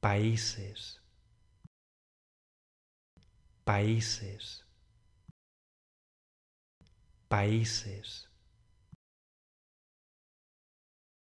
países, países, países.